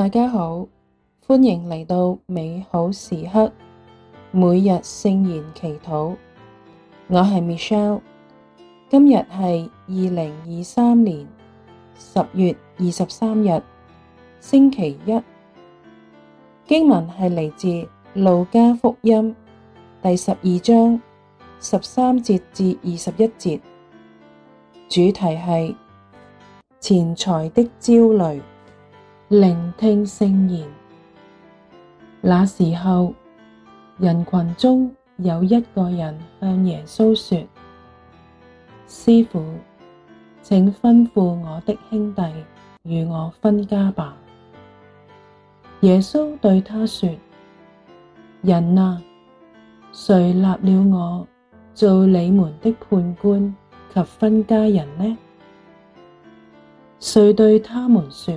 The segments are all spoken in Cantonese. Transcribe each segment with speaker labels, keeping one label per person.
Speaker 1: 大家好，歡迎嚟到美好時刻，每日聖言祈禱。我係 Michelle，今日係二零二三年十月二十三日，星期一。經文係嚟自路加福音第十二章十三節至二十一節，主題係錢財的焦慮。聆聽聖言。那時候，人群中有一個人向耶穌說：師傅，請吩咐我的兄弟與我分家吧。耶穌對他說：人啊，誰立了我做你們的判官及分家人呢？遂對他們說。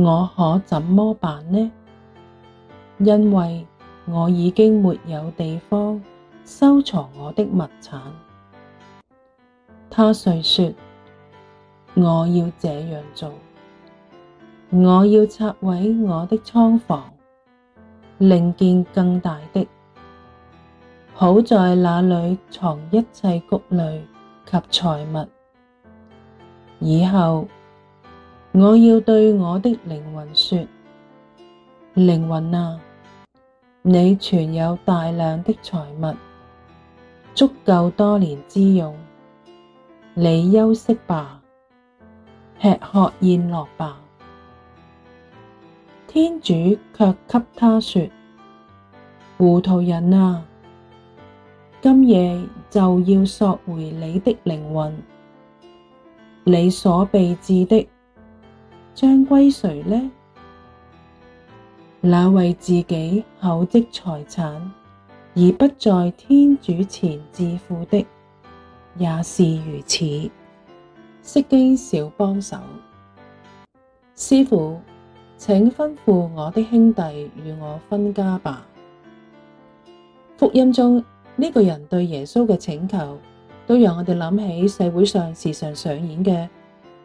Speaker 1: 我可怎麼辦呢？因為我已經沒有地方收藏我的物產。他遂說：我要這樣做，我要拆毀我的倉房，另建更大的，好在那裏藏一切穀類及財物。以後，我要對我的靈魂說：靈魂啊，你存有大量的財物，足夠多年之用，你休息吧，吃喝宴樂吧。天主卻給他說：糊塗人啊，今夜就要索回你的靈魂，你所備置的，將歸誰呢？那為自己厚積財產而不在天主前致富的，也是如此。釋經小幫手，師傅，請吩咐我的兄弟與我分家吧。福音中呢、這個人對耶穌嘅請求，都讓我哋諗起社會上時常上演嘅。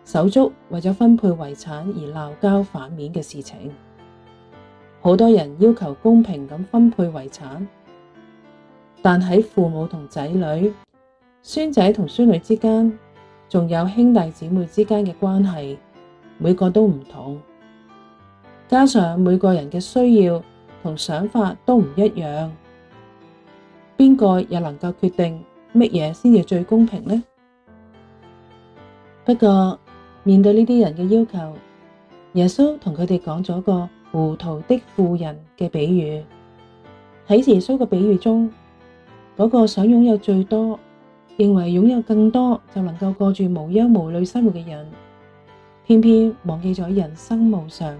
Speaker 1: 手足為咗分配遺產而鬧交反面嘅事情，好多人要求公平咁分配遺產，但喺父母同仔女、孫仔同孫女之間，仲有兄弟姊妹之間嘅關係，每個都唔同，加上每個人嘅需要同想法都唔一樣，邊個又能夠決定乜嘢先至最公平呢？不過。面對呢啲人嘅要求，耶穌同佢哋講咗個糊塗的富人嘅比喻。喺耶穌嘅比喻中，嗰個想擁有最多、認為擁有更多就能夠過住無憂無慮生活嘅人，偏偏忘記咗人生無常，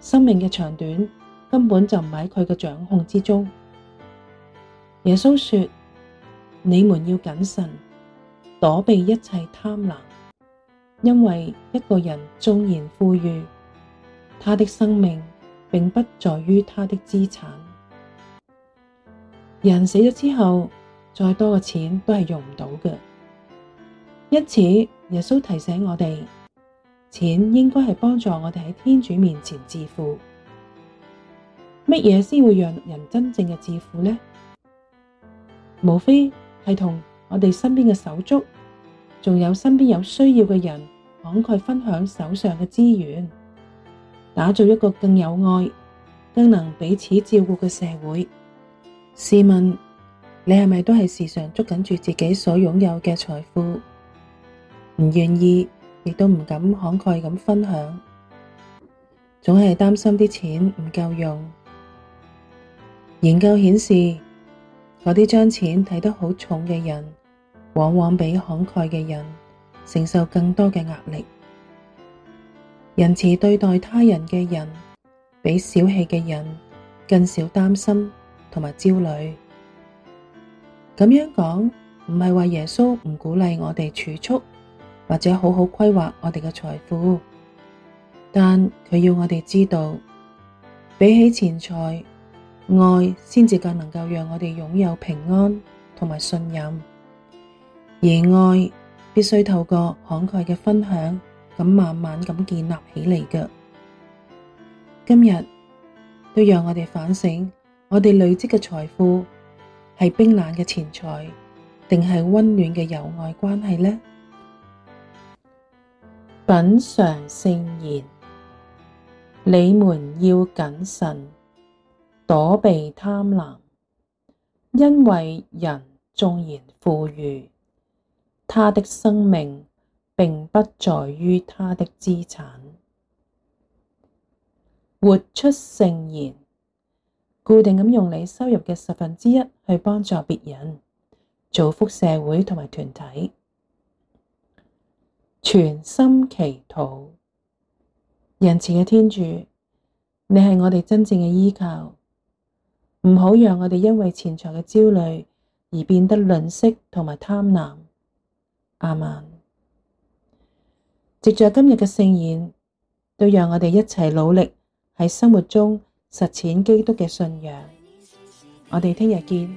Speaker 1: 生命嘅長短根本就唔喺佢嘅掌控之中。耶穌說：你們要謹慎，躲避一切貪婪，因為一個人縱然富裕，他的生命並不在於他的資產。人死咗之後，再多嘅錢都係用唔到嘅。因此，耶穌提醒我哋，錢應該係幫助我哋喺天主面前致富。乜嘢先會讓人真正嘅致富呢？無非係同我哋身邊嘅手足，仲有身邊有需要嘅人。慷慨分享手上嘅資源，打造一個更有愛、更能彼此照顧嘅社會。試問你係咪都係時常捉緊住自己所擁有嘅財富，唔願意亦都唔敢慷慨咁分享，總係擔心啲錢唔夠用？研究顯示，嗰啲將錢睇得好重嘅人，往往比慷慨嘅人。承受更多嘅壓力，仁慈對待他人嘅人，比小氣嘅人更少擔心同埋焦慮。咁樣講唔係話耶穌唔鼓勵我哋儲蓄或者好好規劃我哋嘅財富，但佢要我哋知道，比起錢財，愛先至更能夠讓我哋擁有平安同埋信任，而愛。必須透過慷慨嘅分享，咁慢慢咁建立起嚟嘅。今日都讓我哋反省我，我哋累積嘅財富係冰冷嘅錢財，定係温暖嘅友愛關係呢？品嘗聖言，你們要謹慎，躲避貪婪，因為人縱然富裕。他的生命並不在於他的資產。活出聖言，固定咁用你收入嘅十分之一去幫助別人，造福社會同埋團體。全心祈禱，人前嘅天主，你係我哋真正嘅依靠，唔好讓我哋因為錢財嘅焦慮而變得吝嗇同埋貪婪。阿們，藉著今日嘅聖言，都讓我哋一齊努力喺生活中實踐基督嘅信仰。我哋聽日見。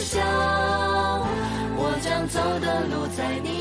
Speaker 1: 在你。